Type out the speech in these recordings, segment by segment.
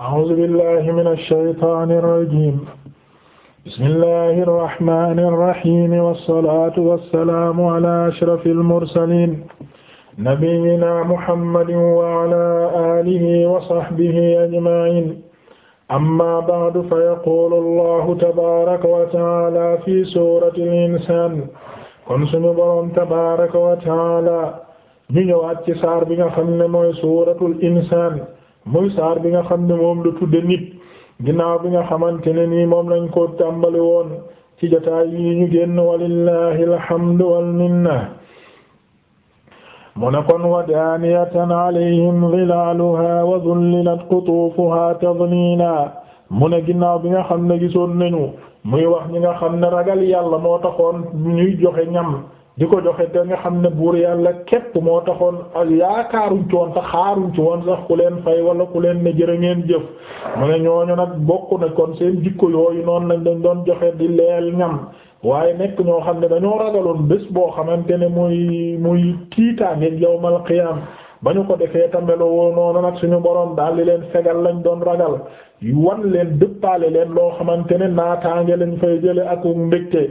أعوذ بالله من الشيطان الرجيم بسم الله الرحمن الرحيم والصلاة والسلام على أشرف المرسلين نبينا محمد وعلى آله وصحبه أجمعين أما بعد فيقول الله تبارك وتعالى في سورة الإنسان kon suñu boroom tabaraka wa taala ñu ñëwaat ci saar bi nga xam ne mooy suuratul insaan muy saar bi nga xam ne moom la tudde nit ginnaaw bi nga xamante ne nii moom lañ ko tàmbali woon ci jotaay yi ñu génn walillahi alhamdu wal minna mu ne kon wa daaniyatan alayhim zilaaluha wa zullilat qutuufuha tadliila mu ne ginnaaw bi nga xam ne gisoon nañu muy wax ñi nga xam ne ragal yàlla moo taxoon ñuy joxe ñam di ko joxe te nga xam ne buur yàlla képp moo taxoon yaakaaruñ ci woon sax xaaruñ ci woon sax ku leen fay wala ku leen ne jërë ngeen jëf mu ne ñooñu nag bokk na kon seen jikko yooyu noonu lañ dañ doon joxe di leel ñam waaye nekk ñoo xam ne dañoo ragaloon bés boo xamante ne muy muy tiitaangeeg yawmal qiyaam ba ñu ko defee tamelo woo noonu nag suñu boroom daal di leen fegal lañ doon ragal wan leen dëppaale leen loo xamante ne naataange lañ fay jële ak mbégte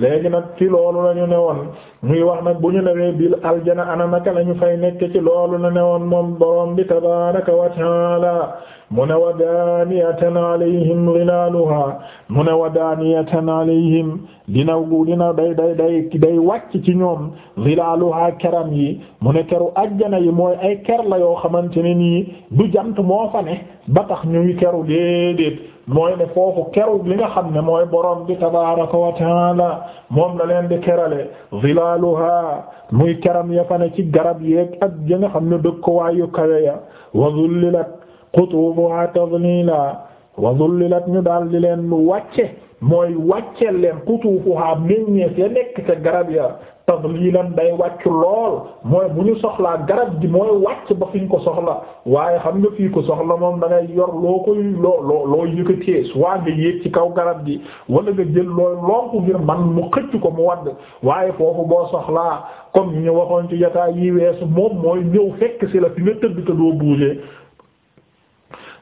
léegi nag ci loolu la ñu ne woon muy wax nag bu ñu newee bil aljana ana naka la ñu fay nekk ci loolu na ne woon moom borom bi tabaaraka wa taala mu ne wa daaniyatan alayhim ghilaaluha mu ne wa daaniyatan alayhim dina dina day day day day wàcc ci ñoom ghilaaluha keram yi mu ne keru ajjana yi mooy ay ker la yoo xamante ne nii du jant moo ne ba ñuy keru déedéet mooy ne foofu keru li nga xam ne mooy borom bi tabaaraka wa taala moom la leen di kerale zilaaluha muy keram ya fa ne ci garab yeeg ak ya nga xam ne dëkkuwaay yu kawe ya wa zullilat qutuubuha tadliila wa zullilat ñu daal di leen wàcce mooy wàcceel leen qutuubuha meññeef ya nekk ca garab ya tadlilan day wàcc lool mooy bu ñu soxlaa garab gi mooy wàcc ba fi ko soxla waaye xam nga fii ko soxla moom da ngay yor loo koy loo loo loo yëkkatee soit nga yéeg ci kaw garab gi walla nga jël looy lonku ngir man mu xëcc ko mu wadd waaye foofu boo soxlaa comme ñu waxoon ci jotaay yi weesu moom mooy ñëw fekk si la fi nga tëdd te doo bouger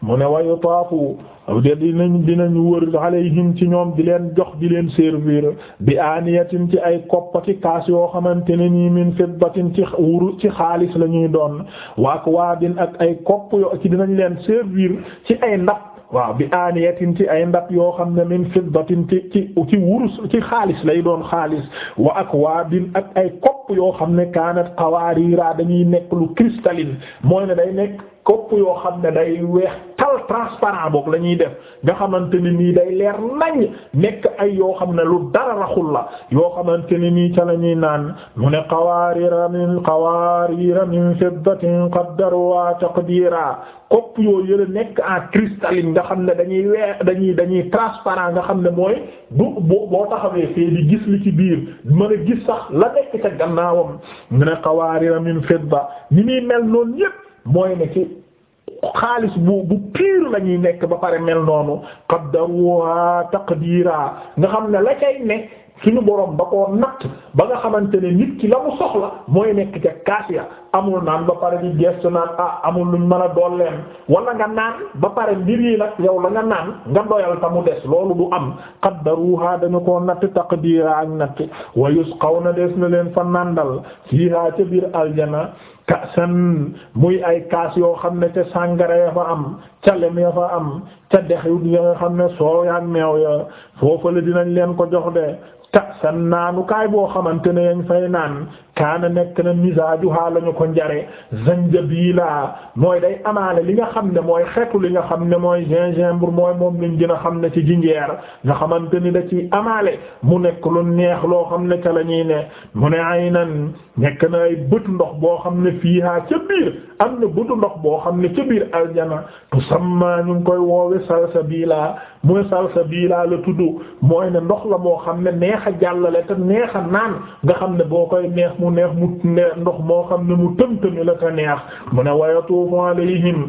mu ne wayu taafu dinañu dinañ dinañ wër alayhim ci ñoom di leen jox di leen servir bi aaniyatin ci ay koppati kaas yoo xamante ne nii min fiddatin ci wuru ci xaalis la ñuy doon wa akwaabin ak ay kopp yo dinañ leen servir ci ay ndab waaw bi aaniyatin ci ay ndat yoo xam ne min fiddatin ci ci ci wurus ci xaalis lay doon xaalis wa akwaabin ak ay kopp yoo xam ne kaanat qawaariira dañuy nekk lu cristalline mooy ne day nekk kopp yoo xam ne day weex transparent boog la ñuy def nga xamante ni nii day leer nañ nekk ay yoo xam ne lu dara raxul la yoo xamante ni nii ca la ñuy naan mu ne qawaarira min qawaarira min fiddatin qaddaruha taqdira kopp yoo yële nekk en cristalline nga xam ne dañuy weer dañuy dañuy transparent nga xam ne mooy du boo boo taxawee fee di gis li ci biir mën a gis sax la nekk ca gannaawam mu ne qawaarira min fidda ni muy mel noonu yépp mooy ne ci xaalis bu bu pire la nekk ba pare mel noonu qaddaruha taqdira nga xam ne la cay ne suñu borom ba koo natt ba nga xamante ne nit ki la mu soxla mooy nekk ca kaasiya amul naan ba pare di gestu naan ah amul luñ mën a dolleen wala nga naan ba pare mbir yi nag yow la nga naan nga doyal ta mu des loolu du am qaddaruha dañu koo natt taqdira ak natt wa yusqawna des na leen fa nandal fiha ca biir aljana kasan muy ay kaas yoo xam ne ca sàngara ya fa am ca lem ya fa am ca dexu ya nga xam ne soow yaak meew ya foofu la dinañ leen ko jox de kasan naanukaay boo xamante ne yañ fay naan kaana nekk na misaajuha lañu ko njare zanjabila mooy day amaale li nga xam ne mooy xetu li nga xam ne mooy gingembre mooy moom lañ gën a xam ne ci jinjeer nga xamante ni da ci amaale mu nekk lu neex loo xam ne ca la ñuy ne mu ne aynan nekk na ay bët ndox boo xam ne fiihaa ca biir am na butu ndox boo xam ne ca biir aljana tusamma ñu ngi koy woowe salsabila bii laa la tudd mooy ne ndox la moo xam ne neex a jàllale te neex a naan nga xam ne boo koy neex mu neex mu ndox moo xam ne mu tëmtëmi la te neex mu ne wa yatuufu alayhim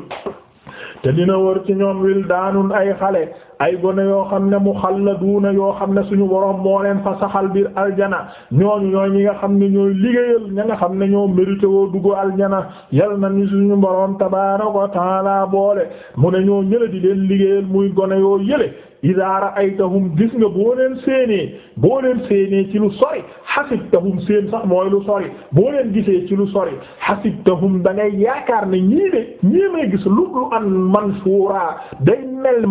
te dina wër ci ñoom wildaanun ay xale ay gone yoo xam ne muxalladuuna yoo xam ne suñu borom moo leen fa saxal biir aljana ñooñu ñooy ñi nga xam ne ñooy liggéeyal ña nga xam ne ñoo mérité woo dugg aljana yal na ñu suñu borom tabaaraka wa taala boole mu ne ñoo ñële di leen liggéeyal muy gone yoo yële idaa ra'aytahum gis nga boo leen séenee boo leen séenee ci lu sori hasibtahum seen sax mooy lu sori boo leen gisee ci lu sori hasibtahum da ngay yaakaar ne ñii de ñii may gis lu lu an mansuura day mel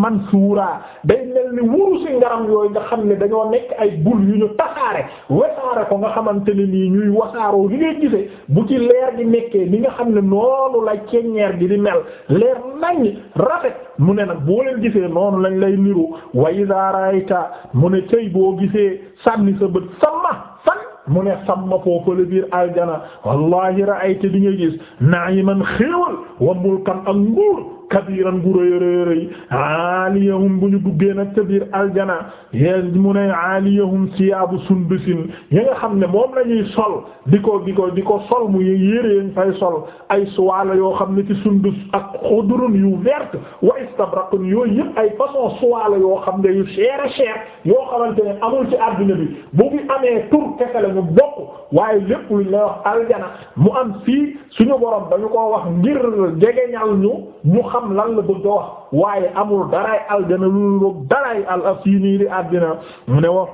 haa day mel ni wuru si ngaram yooyu nga xam ne dañoo nekk ay bul yu ñu tasaare wasaare ko nga xamante ne nii ñuy wasaaroo li ngay gisee bu ci leer gi nekkee ni nga xam ne noonu la ceññeer gi di mel leer nañ rafet mu ne nag boo leen gisee noonu lañ lay niru wa iza ra'ayta mu ne cëy boo gisee sànni sa bët sama fan mu ne samma foofu la biir aljana wallahi ra'ayta di nga gis na'iman xéewal wa mulkan ak nguur kabiiran bu rëy rëy rëy aaliyahum bu ñu duggee nag ca biir aljana yees mu ne aaliyahum siyaabu sundusin yi nga xam ne moom la ñuy sol di ko di ko di ko sol mu yéreeñ fay sol ay suwaala yoo xam ne ci sundus ak xudurun yu vert wa istabraqun yooyu yëpp ay façon suwaala yoo xam ne yu cher cher yoo xamante ne amul ci àdduna bi bu fi amee tur kese la ñu bokk waaye lépp luñ la wax aljana mu am fii suñu borom dañu ko wax ngir jegeñal ñu ñu xam xam lan la bëgg a wax waaye amul daraay aljana lu lu daraay al asini di àddina mu ne wa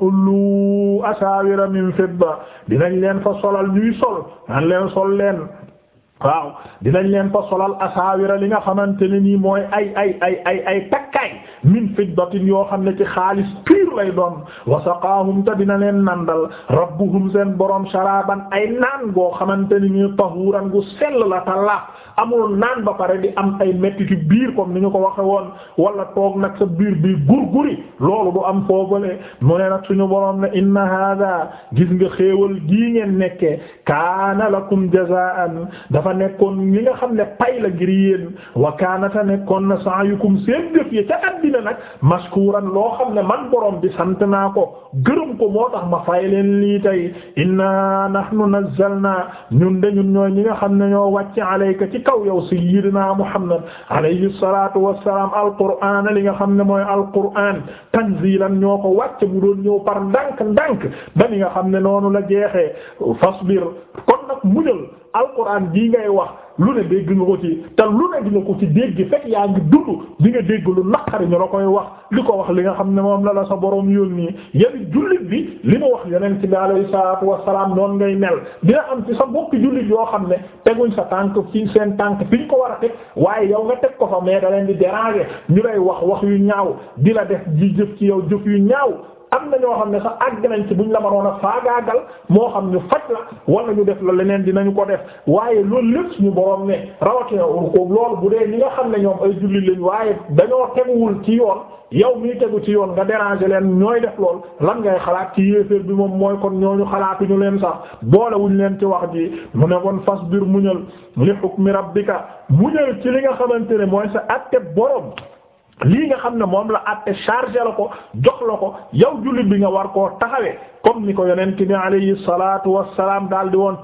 asawira min fidda dinañ leen fa solal ñuy sol nan leen sol leen waaw dinañ leen fa solal asawira li nga xamante ne nii mooy ay ay ay ay min fiddatin yoo xam ne ci xaalis pur lay doon wa saqaahum te dina leen nandal rabbuhum seen borom sharaban ay naan goo xamante ni ñu tahuuran gu sell la ta laab amul naan ba pare di am ay mettitu biir comme ni ñu ko waxe woon wala toog nag sa biir bi gurguri loolu du am foofale mu ne nag suñu borom ne inna hada gis nga xéewal gii ngeen nekke kaana lakum jazaan dafa nekkoon ñi nga xam ne pay la ngir yéen wa kaanata nekkoon na sa'yukum seen jëf yi ca ma nag maskuuran loo xam ne man borom bi sant naa ko gërëm ko moo tax ma fay leen lii tey inna nahnu nazzalna ñun de ñun ñooy ñi nga xam ne ñoo wàcc alayka ci kaw yow sayyidina muhammad alayhi salatu wassalam alquran li nga xam ne mooy alquran tanzilan ñoo ko wàcc mu doon ñëw par ndànk ndànk ba ni nga xam ne noonu la jeexee fasbir nag muñal alquran jii ngay wax lu ne dégg nga ko ci te lu ne di nga ko ci dégg fekk yaa ngi dund di nga dégg lu naqari ñu la koy wax li ko wax li nga xam ne moom la la sa borom yónni yéen jullit bi li mu wax yeneen ci bi alayhi salaatu wassalaam noonu ngay nel dina am ci sa bokki jullit yoo xam ne teguñ sa tànk ci seen tànk fi ñu ko war a teg waaye yow nga teg ko fa mais da leen di déranger ñu lay wax wax yu ñaaw di la def di jëf ci yow jëf yu ñaaw am na ñoo xam ne sax àgg nañ ci buñ la mënoon a faagaagal moo xam ñu faj la wala ñu def la leneen dinañu ko def waaye loolu lépp suñu borom ne rawatina ko loolu bu dee ñi nga xam ne ñoom ay julli lañ waaye dañoo teguwul ci yoon yow mii tegu ci yoon nga déranger leen ñooy def lool lan ngay xalaat ci yéeféer bi moom mooy kon ñooñu xalaatuñu leen sax boole wuñ leen ci wax ji mu ne kon fas bir muñal li hukmi rabbika muñal ci li nga xamante ne mooy sa àtte borom lii nga xam ne moom la àtte chargé la ko jox la ko yow jullit bi nga war ko taxawee comme ni ko yonent bi alayhi salaatu wassalaam daal di woon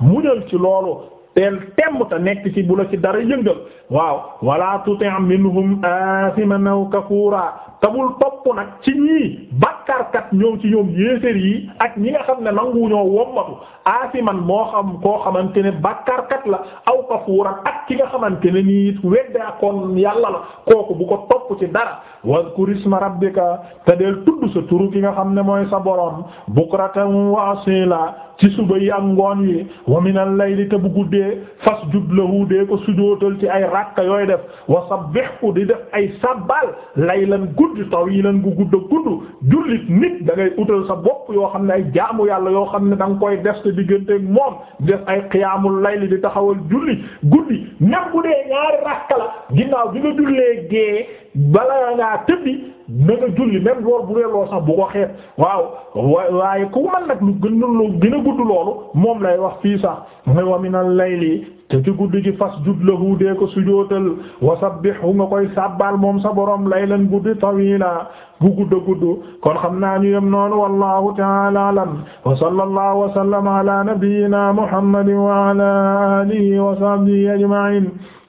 mu ñël ci loolu teel temb te nekk ci bu la ci dara yëngal waaw wala tuti' minhum aasiman aw kafura tabul topp nag ci ñii bakkarkat ñoom ci ñoom yéeséer yi ak ñi nga xam ne nangu ñoo wommatu aasiman moo xam koo xamante ne bakkarkat la aw kafuura ak ki nga xamante ne nii wedde akoon yàlla la kooku bu ko topp ci dara wadhkur isma rabbika te deel tudd sa turu ki nga xam ne mooy sa borom bukratan wa asila ci suba yi ak ngoon yi wa minal layli te bu guddee fasjud lahu dee ko sujootal ci ay rakka yooy def wa sa sabbihu di def ay sabbal laylan guddi tawilan bu gudd gudd jullit nit da ngay utal sa bopp yoo xam ne ay jaamu yàlla yoo xam ne danga nga koy def sa digganteeg moom def ay qiyaamul layli di taxawal julli guddi même bu dee ñaari la ginnaaw bi nga jullee gee balaa ngaa tëddi na nga julli même loolu bu dee loolu sax bu ko xeet waaw waaye ku man nag lu gën lu gën a gudd loolu moom lay wax fii sax mooy wa minal layli te ci guddi gi fasjud lahu dee ko sujootal wa sabbihu nga koy sabbal moom sa borom laylan guddi tawila bu gudd a gudd kon xam naa ñu yem noonu wallahu ta'ala alam wa sallallahu wa sallama ala nabiyyina muhammadin wa ala alihi wa sahbihi ajma'in